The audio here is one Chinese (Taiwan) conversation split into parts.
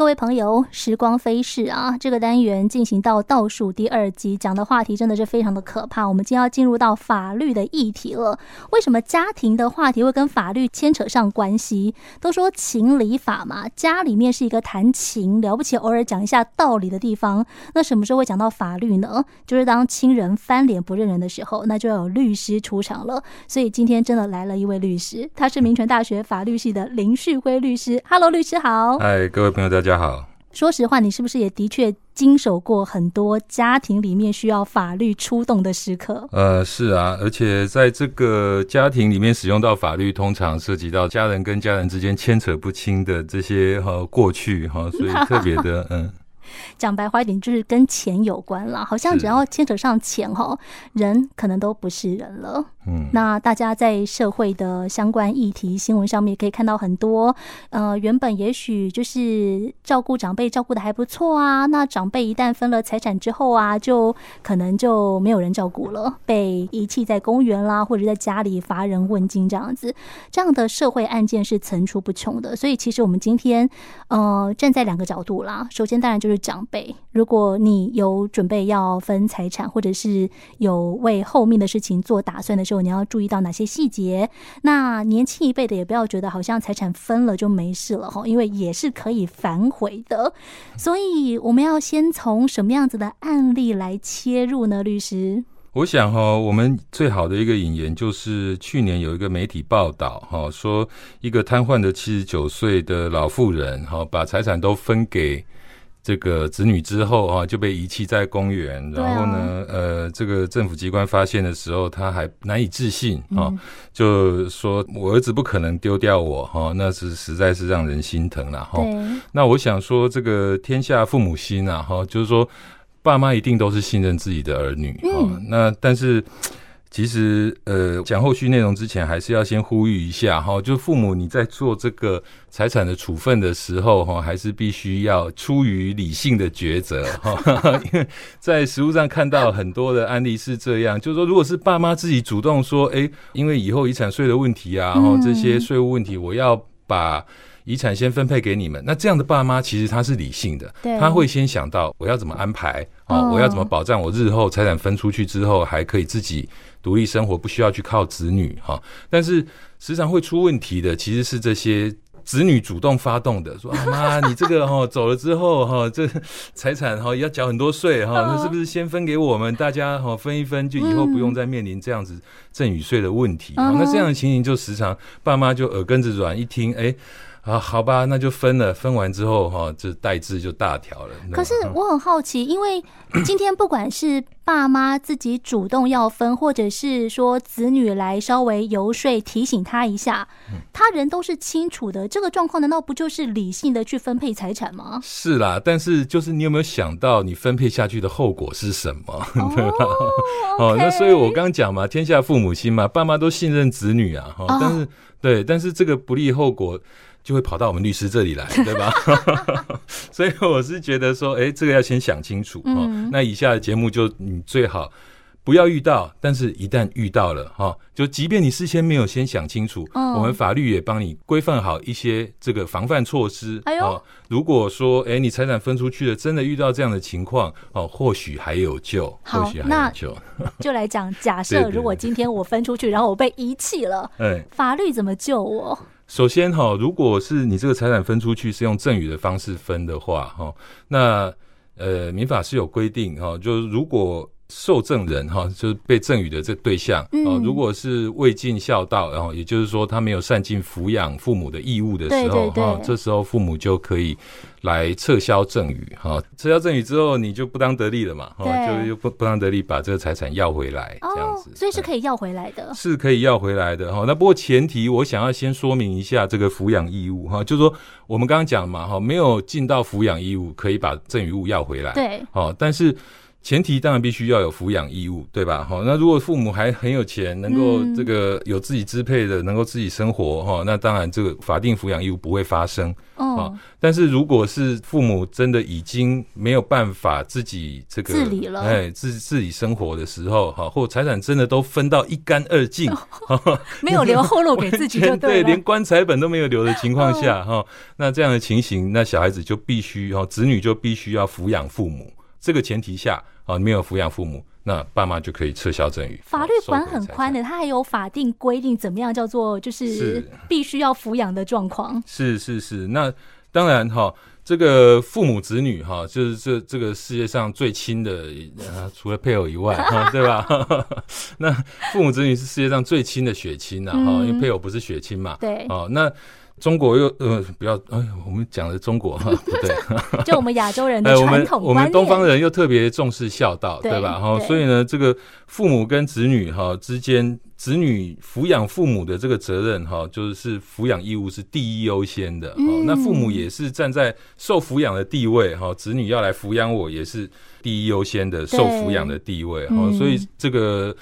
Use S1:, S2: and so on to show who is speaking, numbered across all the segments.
S1: 各位朋友，時光飛逝啊，這個單元進行到倒數第二集，講的話題真的是非常的可怕。我們今天要進入到法律的議題了。為什麼家庭的話題會跟法律牽扯上關係？都說情理法嘛，家裡面是一個談情，了不起，偶爾講一下道理的地方。那什麼時候會講到法律呢？就是當親人翻臉不認人的時候，那就要有律師出場了。所以今天真的來了一位律師，他是銘傳大學法律系的林旭輝律師。Hello，律師好。
S2: 嗨，各位朋友大家。大家好。
S1: 說實話，你是不是也的確經手過很多家庭裡面需要法律出動的時刻？
S2: 呃，是啊，而且在這個家庭裡面使用到法律，通常涉及到家人跟家人之間牽扯不清的這些哈、哦、過去哈、哦，所以特別的 嗯。
S1: 講白話一點，就是跟錢有關啦。好像只要牽扯上錢哈，人可能都不是人了。嗯，那大家在社會的相關議題新聞上面也可以看到很多，呃，原本也許就是照顧長輩照顧得還不錯啊，那長輩一旦分了財產之後啊，就可能就沒有人照顧了，被遺棄在公園啦，或者在家裡乏人問津這樣子。這樣的社會案件是層出不窮的。所以其實我們今天，呃，站在兩個角度啦，首先當然就是。就是長輩，如果你有準備要分財產，或者是有為後面的事情做打算的時候，你要注意到哪些細節？那年輕一輩的也不要覺得好像財產分了就沒事了哈，因為也是可以反悔的。所以我們要先從什麼樣子的案例來切入呢？律師，
S2: 我想哈，我們最好的一個引言就是去年有一個媒體報道，哈，說一個癱瘓的七十九歲的老婦人，哈，把財產都分給。這個子女之後啊，就被遺棄在公園。啊、然後呢，呃，這個政府機關發現的時候，他還難以置信啊、嗯哦，就說：“我兒子不可能丟掉我哈、哦！”那是實在是讓人心疼了哈對、哦。那我想說，這個天下父母心啊哈、哦，就是說，爸媽一定都是信任自己的兒女哈、嗯哦，那但是。其實，呃，講後續內容之前，還是要先呼籲一下哈，就父母你在做這個財產的處分的時候哈，還是必須要出於理性的抉擇哈， 因為在實務上看到很多的案例是這樣，就是說，如果是爸媽自己主動說，哎、欸，因為以後遺產稅的問題啊，然後這些稅務問題，我要把遺產先分配給你們，那這樣的爸媽其實他是理性的，對他會先想到我要怎麼安排啊，我要怎麼保障我日後財產分出去之後還可以自己獨立生活不需要去靠子女哈，但是時常會出問題的其實是這些子女主動發動的，說：“啊媽，你這個哈走了之後哈， 這財產哈要繳很多稅哈，那是不是先分給我們大家哈分一分，就以後不用再面臨這樣子贈與稅的問題？嗯、那這樣的情形就時常爸媽就耳根子軟，一聽誒。欸啊，好吧，那就分了。分完之後哈，這代志就大條了。可是
S1: 我很好奇，因為今天不管是爸媽自己主動要分， 或者是說子女來稍微游說提醒他一下，他人都是清楚的。這個狀況難道不就是理性的去分配財產嗎？
S2: 是啦，但是就是你有沒有想到你分配下去的後果是什麼？Oh, 對吧？Okay. 哦，那所以我剛講嘛，天下父母心嘛，爸媽都信任子女啊。哈，但是、oh. 對，但是這個不利後果。就會跑到我們律師這裡來，對吧？ 所以我是覺得說，哎、欸，這個要先想清楚，嗯哦、那以下的節目就你，嗯、最好不要遇到，但是一旦遇到了哈，哦，就即便你事先沒有先想清楚，嗯、我們法律也幫你規範好一些這個防範措施，哎呦哦。如果說哎、欸、你財產分出去了，真的遇到這樣的情況哦，或許還有救。好，或許還有救。那
S1: 就來講假設，如果今天我分出去， 對對對，然後我被遺棄了，哎、嗯，法律怎麼救我？
S2: 首先哈，如果是你這個財產分出去是用贈與的方式分的話哈，那呃民法是有規定哈，就是如果。受贈人哈，就是被贈與的這對象哦。嗯、如果是未盡孝道，然後也就是說他沒有善盡撫養父母的義務的時候，哈，這時候父母就可以來撤銷贈與，哈，撤銷贈與之後，你就不當得利了嘛，哈對，就不不當得利，把這個財產要回來，哦、這
S1: 樣子，所以是可以要回來的，
S2: 是可以要回來的哈。那不過前提，我想要先說明一下這個撫養義務哈，就是說我們剛剛講嘛，哈，沒有盡到撫養義務，可以把贈與物要回來，對，好，但是。前提當然必須要有撫養義務，對吧？那如果父母還很有錢，能夠這個有自己支配的，嗯、能夠自己生活，哈，那當然這個法定撫養義務不會發生，哦。但是如果是父母真的已經沒有辦法自己這個自理了，哎，自自己生活的時候，哈，或財產真的都分到一乾二淨，哦，沒有留後路給自己就對，對，連棺材本都沒有留的情況下，哈，哦哦，那這樣的情形，那小孩子就必須，子女就必須要撫養父母。這個前提下啊，你沒有撫養父母，那爸媽就可以撤銷贈與。啊、法
S1: 律管猜猜很寬的，它還有法定規定，怎麼樣叫做就是必須要撫養的狀況。
S2: 是是是，是，那當然哈、哦，這個父母子女哈、哦，就是這這個世界上最親的，啊、除了配偶以外，啊、對吧？ 那父母子女是世界上最親的血親呢、啊，哈、嗯，因為配偶不是血親嘛。對。哦，那。中國又呃不要哎呀，我們講的中國哈，不對， 就我們亞洲人的傳統觀念、 呃、我們，我們東方人又特別重視孝道，對，對吧？對。所以呢，這個父母跟子女哈之間，子女撫養父母的這個責任哈，就是撫養義務是第一優先的。那父母也是站在受撫養的地位哈，嗯、子女要來撫養我也是第一優先的受撫養的地位對。所以這個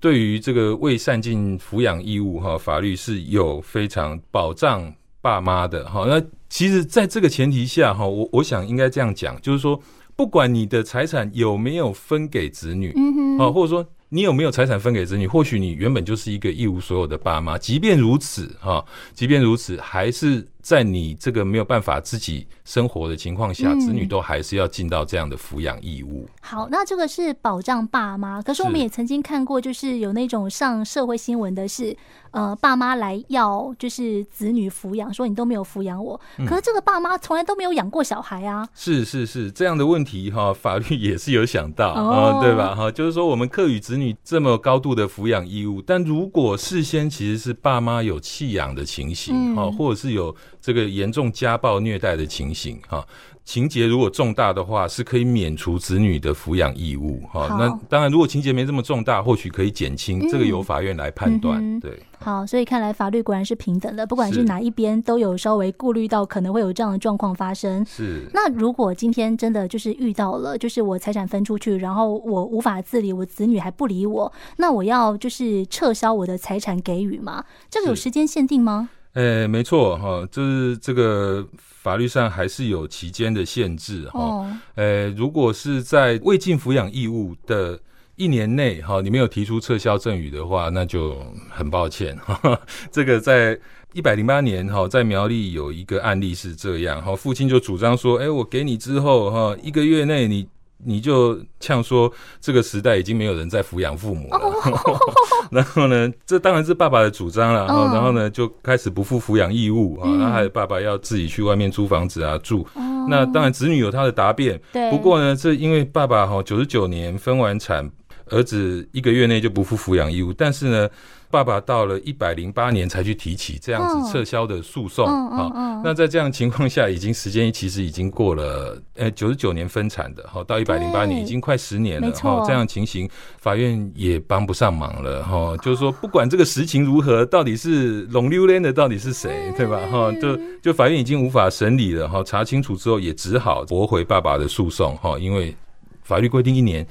S2: 對於這個未善盡撫養義務哈，法律是有非常保障。爸媽的哈，那其實在這個前提下哈，我我想應該這樣講，就是說，不管你的財產有沒有分給子女，嗯哼，啊，或者說你有沒有財產分給子女，或許你原本就是一個一無所有的爸媽，即便如此哈，即便如此還是。在你這個沒有辦法自己生活的情況下，嗯、子女都還是要盡到這樣的撫養義務。
S1: 好，那這個是保障爸媽。可是我們也曾經看過，就是有那種上社會新聞的是，是呃，爸媽來要就是子女撫養，說你都沒有撫養我。嗯、可是這個爸媽從來都沒有養過小孩啊。
S2: 是是是，這樣的問題哈，法律也是有想到啊、哦嗯，對吧？哈，就是說我們課予子女這麼高度的撫養義務，但如果事先其實是爸媽有棄養的情形哈，嗯、或者是有。這個嚴重家暴虐待的情形哈，情節如果重大的話，是可以免除子女的撫養義務哈，好那當然，如果情節沒這麼重大，或許可以減輕，嗯、這個由法院來判斷。嗯、哼對，
S1: 好，所以看來法律果然是平等的，不管是哪一邊，都有稍微顧慮到可能會有這樣的狀況發生。是。那如果今天真的就是遇到了，就是我財產分出去，然後我無法自理，我子女還不理我，那我要就是撤銷我的財產給予嗎？這個有時間限定嗎？
S2: 誒，沒錯哈、哦，就是這個法律上還是有期間的限制哈。哦哦、誒，如果是在未盡撫養義務的一年內哈、哦，你沒有提出撤銷贈與的話，那就很抱歉哈、哈。這個在一百零八年哈、哦，在苗栗有一個案例是這樣哈、哦，父親就主張說，誒，我給你之後哈、哦，一個月內你。你就嗆說這個時代已經沒有人在撫養父母了，oh. 然後呢，這當然是爸爸的主張了，然後呢就開始不負撫養義務啊，然後還有爸爸要自己去外面租房子啊住。那當然子女有他的答辯，不過呢，這因為爸爸哈九十九年分完產，兒子一個月內就不負撫養義務，但是呢。爸爸到了一百零八年才去提起這樣子撤銷的訴訟啊，那在這樣情況下，已經時間其實已經過了呃九十九年分產的哈，到一百零八年對已經快十年了哈錯、哦。這樣情形，法院也幫不上忙了哈、哦。就是說，不管這個實情如何，到底是龍溜溜的到底是誰，欸、對吧？哈、哦，就就法院已經無法審理了哈、哦。查清楚之後，也只好駁回爸爸的訴訟哈，因為法律規定一年。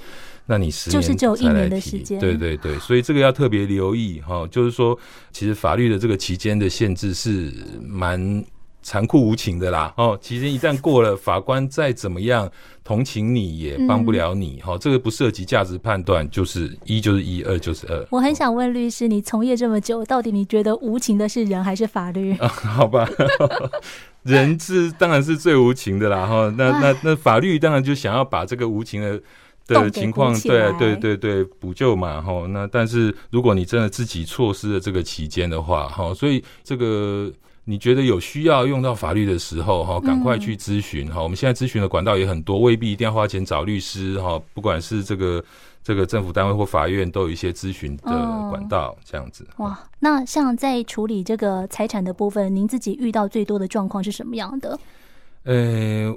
S2: 那你十年就是只有一年的時間，對對對，所以這個要特別留意哈。就是說，其實法律的這個期間的限制是蠻殘酷無情的啦。哦，期間一旦過了，法官再怎麼樣同情你也幫不了你。哈，這個不涉及價值判斷，就是一就是一，二就是二。
S1: 我很想問律師，你從業這麼久，到底你覺得無情的是人還是法律？
S2: 好吧，人是當然是最無情的啦。哈，那那那法律當然就想要把這個無情的，對情況，對對對對，對，補救嘛，哈、哦。那但是如果你真的自己錯失了這個期間的話，哈、哦，所以這個你覺得有需要用到法律的時候，哈、哦，趕快去諮詢哈、嗯哦。我們現在諮詢的管道也很多，未必一定要花錢找律師，哈、哦。不管是這個這個政府單位或法院，都有一些諮詢的管道，嗯、這樣子。哦、
S1: 哇，那像在處理這個財產的部分，您自己遇到最多的狀況是什麼樣的？
S2: 呃，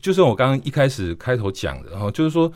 S2: 就是我剛剛一開始開頭講的，哈、哦，就是說。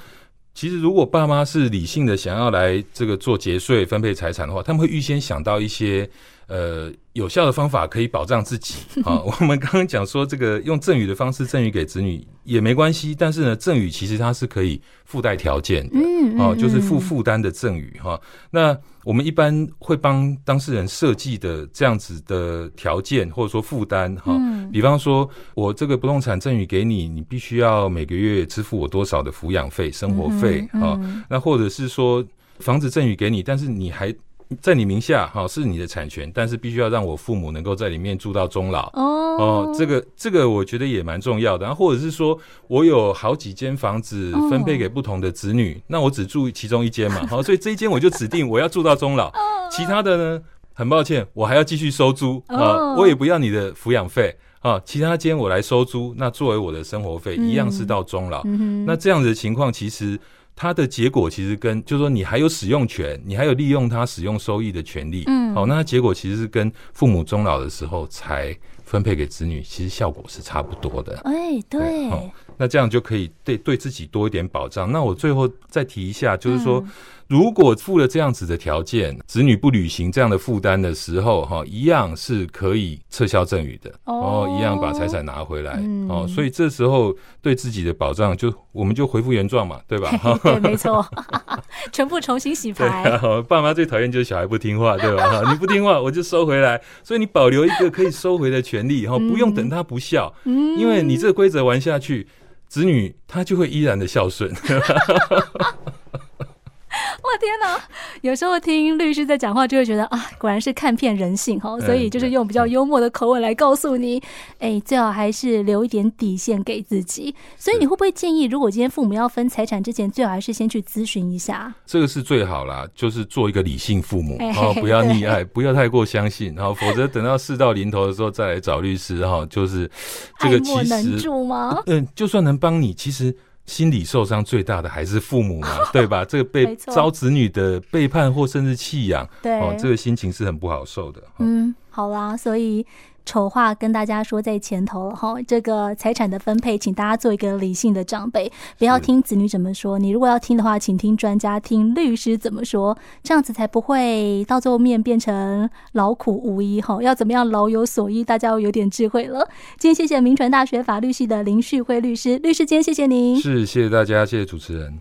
S2: 其實，如果爸媽是理性的，想要來這個做節稅、分配財產的話，他們會預先想到一些，呃。有效的方法可以保障自己啊、 哦！我們剛剛講說，這個用贈與的方式贈與給子女也沒關係，但是呢，贈與其實它是可以附帶條件的嗯，嗯，嗯，啊、哦，就是附負擔的贈與哈。那我們一般會幫當事人設計的這樣子的條件，或者說負擔哈。哦嗯、比方說，我這個不動產贈與給你，你必須要每個月支付我多少的撫養費、生活費啊、嗯嗯嗯哦？那或者是說，房子贈與給你，但是你還在你名下哈，是你的產權，但是必須要讓我父母能夠在裡面住到終老哦、oh. 呃、這個這個我覺得也蠻重要的。然後或者是說，我有好幾間房子分配給不同的子女，oh. 那我只住其中一間嘛，好， 所以這一間我就指定我要住到終老，oh. 其他的呢，很抱歉，我還要繼續收租啊，呃 oh. 我也不要你的撫養費啊，其他間我來收租，那作為我的生活費一樣是到終老。Mm hmm. 那這樣子的情況其實。它的結果其實跟，就是說你還有使用權，你還有利用它使用收益的權利。嗯，好，那結果其實是跟父母終老的時候才分配給子女，其實效果是差不多的。
S1: 欸，對。
S2: 那這樣就可以對對自己多一點保障。那我最後再提一下，就是說，嗯、如果附了這樣子的條件，子女不履行這樣的負擔的時候，哈、哦，一樣是可以撤銷贈與的哦，哦，一樣把財產拿回來、嗯、哦。所以這時候對自己的保障就，就我們就回復原狀嘛，對吧？嘿嘿對，
S1: 沒錯， 全部重新洗牌。
S2: 啊、爸媽最討厭就是小孩不聽話，對吧？ 你不聽話，我就收回來。所以你保留一個可以收回的權利，哈、嗯，不用等他不孝，嗯、因為你這個規則玩下去。子女他就會依然的孝順。
S1: 我天哪！有時候聽律師在講話，就會覺得啊，果然是看遍人性哈。所以就是用比較幽默的口吻來告訴你，哎、嗯嗯欸，最好還是留一點底線給自己。所以你會不會建議，如果今天父母要分財產之前，是最好還是先去諮詢一下？
S2: 這個是最好啦，就是做一個理性父母，欸嘿嘿哦、不要溺愛，對不要太過相信，然後，否則等到事到臨頭的時候再來找律師哈、哦。就是這個其實，愛莫能助嗎嗯，就算能幫你，其實。心理受傷最大的還是父母嘛，對吧？哦、這個被遭子女的背叛或甚至棄養，沒錯 哦，這個心情是很不好受的、
S1: 哦。對 嗯。好啦，所以醜話跟大家說在前頭了哈。這個財產的分配，請大家做一個理性的長輩，不要聽子女怎麼說。是你如果要聽的話，請聽專家、聽律師怎麼說，這樣子才不會到最後面變成勞苦無依哈。要怎麼樣老有所依，大家要有點智慧了。今天謝謝銘傳大學法律系的林旭暉律師，律師今天謝謝您。是
S2: 謝謝大家，謝謝主持人。